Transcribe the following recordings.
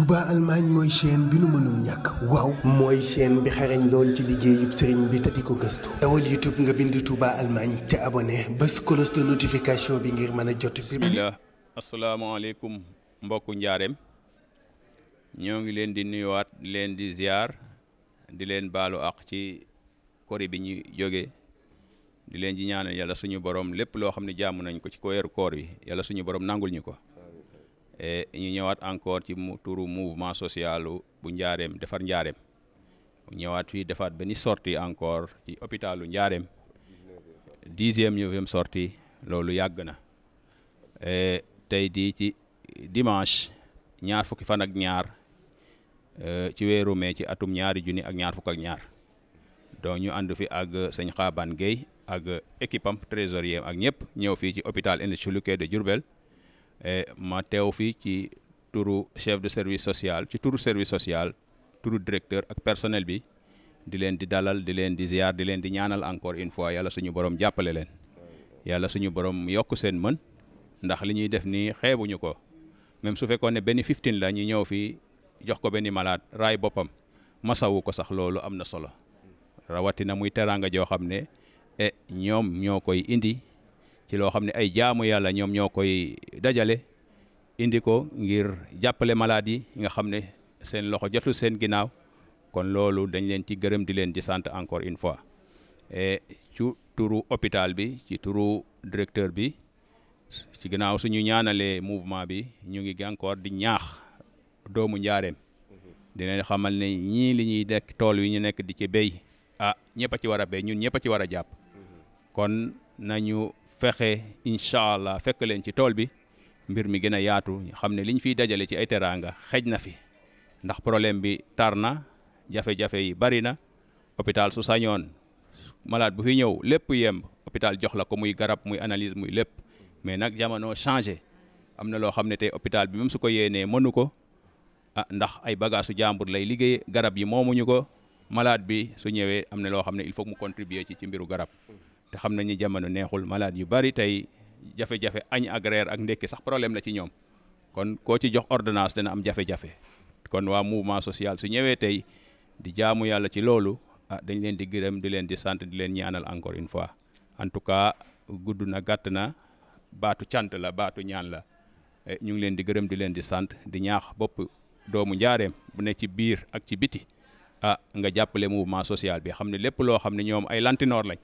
Touba Allemagne mooy chaîne bi nu mënul ñàkk waaw mooy chaîne bi xarañ lool ci liggéeyub sëriñ bi te di ko gëstu dawal YouTube nga bind Touba Allemagne te abonné bés cloche de notification bi ngir mën a jot bismillah asalaamaaleykum mbokku njaareem ñoo ngi leen di nuyuwaat leen di ziar di leen baalu ak ci kori bi ñuy jóge di leen ji ñaanal yàlla suñu borom lépp loo xam ne jàmm nañ ko ci ko weeru koor yi yàlla suñu borom nangul ñu ko e ñu ñëwaat encore ci mu turu mouvement socialu bu njaareem defar njaareem ñëwaat fii defaat benn sorti encore ci hôpitalu njaareem dixième neuvième sortie loolu yàgg na eh, tey di ci dimanche ñaar fukki fan ak ñaar eh, ci weeru mai ci atum ñaari junni ak ñaar fukk ak ñaar donc ñu ànd fi ak sëñ xaaban Guèye ak équipe am ak ñëpp ñëw fii ci hôpital Industrie Lutké de Diourbel ma teew fii ci turu chef de service social ci turu service social turu directeur ak personnel bi di leen di dalal di leen di ziar di leen di ñaanal encore une fois yàlla suñu borom jàppale leen yàlla suñu borom yokk seen mën ndax li ñuy def nii xeebuñu ko même su fekkoon ne benn 15 la ñu ñëw fii jox ko benn malaat raay boppam ma masawu ko sax loolu am na solo rawatina muy teraanga joo xam ne e ñoom ñoo koy indi. ci loo xam ne ay jaamu yàlla ñoom ñoo koy dajale indi ko ngir jàppale malade nga xam ne seen loxo jotul seen ginnaaw kon loolu dañ leen ci gërëm di leen di sant encore une fois et cu turu hôpital bi ci turu directeur bi ci ginnaaw suñu ñaanalee mouvement bi ñu ngi encore di ñaax doomu njaareem dinañ xamal ne ñii li ñuy nekk tool yi ñu nekk di ci béy ah ñëpp ci war a béy ñun ñëpp ci war a jàpp kon nañu fexe incha allah fekk leen ci tool bi mbir mi gën a yaatu xam ne liñ fiy dajale ci ay teraanga xej na fi ndax problème bi tar na jafe-jafe yi bari na hôpital su sañoon malaat bu fi ñëw lépp yemb hôpital jox la ko muy garab muy analyse muy lépp mais nag jamono changé am na loo xam ne tey hôpital bi même su ko yéenee mënu ko ah ndax ay su jàmbur lay liggéey garab yi ñu ko malaat bi su ñëwee am na loo xam ne il faut mu contribuer ci ci mbiru garab te xam ñu jamono neexul malade yu bari tey jafe-jafe añ ak ak ndekki sax problème la ci ñoom kon koo ci jox ordonnance dana am jafe-jafe kon waa mouvement social su ñëwee tey di jaamu yàlla ci loolu ah dañ leen di gërëm di leen di sant di leen ñaanal encore une fois en tout cas gudd na gàtt na baatu cant la baatu ñaan la eh, ñu ngi leen di gërëm di leen di sant di ñaax bopp doomu njaareem bu ne ci biir ak ci biti ah nga jàppale mouvement social bi xam ne lépp loo xam ne ñoom ay lantinoor lañ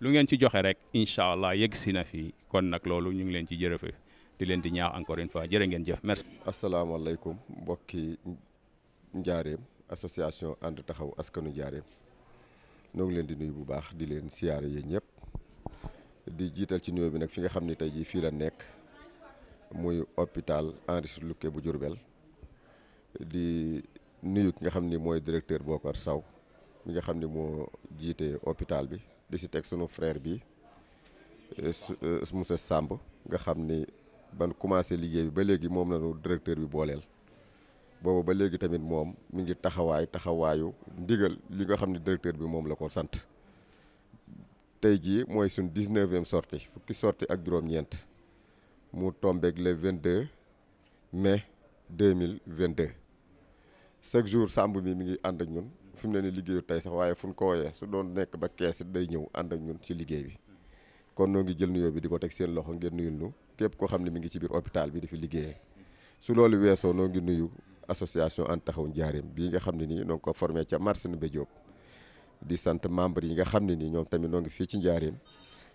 lu ngeen ci joxe rek incha allah yegg si na fii kon nag loolu ñu ngi leen ci jërëfe di leen di ñaax encore une fois jërë ngeen jëf merci. asalaamaaleykum mbokki njaareem association ànd taxaw askanu njaareem ñoo ngi leen di nuyu bu baax di leen siyaare yéen ñëpp di jiital ci nuyoo bi nag fi nga xam ni tey jii fii la nekk muy hôpital Henri Locquet bu Diourbel di nuyu ki nga xam ni mooy directeur Bokar Sow mi nga xam ne moo jiite hôpital bi di si teg sunu frère bi euh, euh, monsieur Samb nga xam ni ban commencé liggéey bi ba léegi moom la directeur bi booleel boobu ba léegi tamit moom mi ngi taxawaay taxawaayu ndigal li nga xam ne directeur bi moom la ko sant tey jii mooy suñ dix-neuvième sortie fukki sortie ak juróom-ñeent mu tombeeg le vingt de mais 22 mai 2022 chaque jour Samb mi mi ngi ànd ak ñun fi mu ne nii liggéeyu tey sax waaye fu ñu ko wooyee su doon nekk ba kees it day ñëw ànd ak ñun ci liggéey bi kon noo ngi jël nuyoo bi di ko teg seen loxo ngeen nuyul nu képp koo xam ne mu ngi ci biir hôpital fi liggéeyee su loolu weesoo noo ngi nuyu association Ande taxaw Njaareem bii nga xam ne nii noo ngi ko formé ca marché Ndoumbé di sant membre yi nga xam ne nii ñoom tamit noo ngi fii ci Njaareem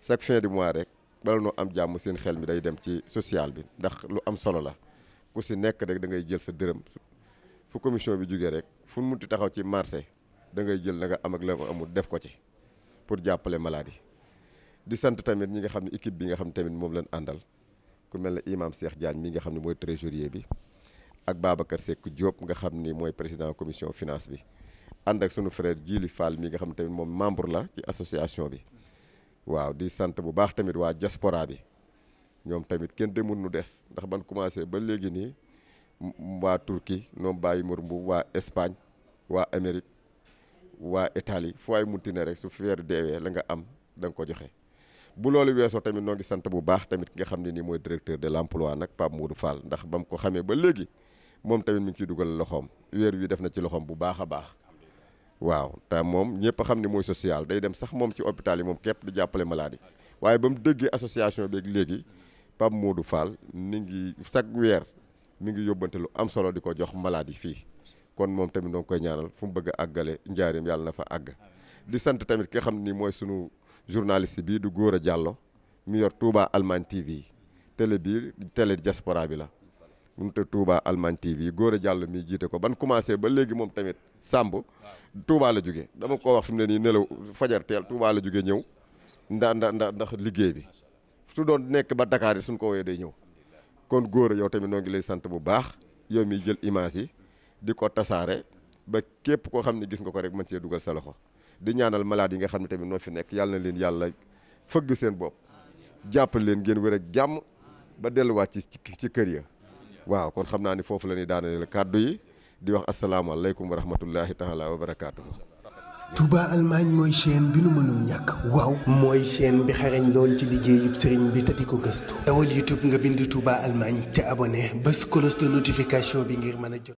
chaque fin du mois rek bala noo am jàmm seen xel mi day dem ci social bi ndax lu am solo la ku si nekk rek da ngay jël sa dërëm fu commission bi jógee rek fu mu munti taxaw ci marché da ngay jël la nga am ak la nga amul def ko ci pour jàppale maladie di sant tamit ñi nga xam ne équipe bi nga xam ne tamit moom leen àndal ku mel ne imaam Cheikh Diagne mi nga xam ne mooy trésorier bi ak Babacar Seck Diop nga xam ni mooy président commission finance bi ànd ak sunu frère Djili Fall mi nga xam ne tamit moom membre la ci association bi waaw di sant bu baax tamit waa diaspora bi ñoom tamit kenn demul nu des ndax man commencé ba léegi nii waa Turquie ñoom bàyyi mur mbu waa Espagne waa Amérique waa Italie fu waay munti ne rek su fi weer deewee la nga am danga nga ko joxe bu loolu weesoo tamit noo ngi sant bu baax tamit nga xam ne nii mooy directeur de l'emploi nag Pape Modou Fall ndax ba mu ko xamee ba léegi moom tamit mi ngi ciy dugal loxoom weer wi def na ci loxoom bu baax a baax waaw te moom ñëpp xam ne mooy social day dem sax moom ci hôpital yi moom képp di jàppale malade waaye ba mu déggee association beeg léegi Pape Modou Fall mi ngi chaque weer mi ngi yóbbante lu am solo di ko jox malade fii kon moom tamit doo koy ñaanal fu mu bëgg a àggale njaarim yàlla na fa àgg di sant tamit ki xam ni mooy sunu journaliste bii du Gora Diallo mi yor Touba Allemagne TV télé bii télé diaspora bi la mu te Touba Allemagne TV Gora Diallo mi jiite ko ban commencé ba léegi moom tamit Samb Touba la jóge dama ko wax fi mu ne nii nelaw fajar teel Touba la jóge ñëw nda nda ndax liggéey bi su doon nekk ba Dakar yi suñ ko woyee day ñëw kon Gora yow tamit noo ngi sant bu baax yow miy jël image yi di ko tasaare ba képp koo xam ne gis nga ko rek mën cee dugal sa loxo di ñaanal malade yi nga xam ne tamit noo fi nekk yàlla leen yàlla fëgg seen bopp jàppal leen ngeen wér jàmm ba delluwaat ci ci kër ya waaw kon xam naa ni foofu la ñuy daaneel kàddu yi di wax asalaamaaleykum wa rahmatullahi taala wa barakaatuhu. Touba Allemagne mooy chaîne bi nu mënul ñàkk waaw mooy chaîne bi xarañ lool ci liggéeyub sëriñ bi te di ko gëstu dawal YouTube nga bind Touba mën a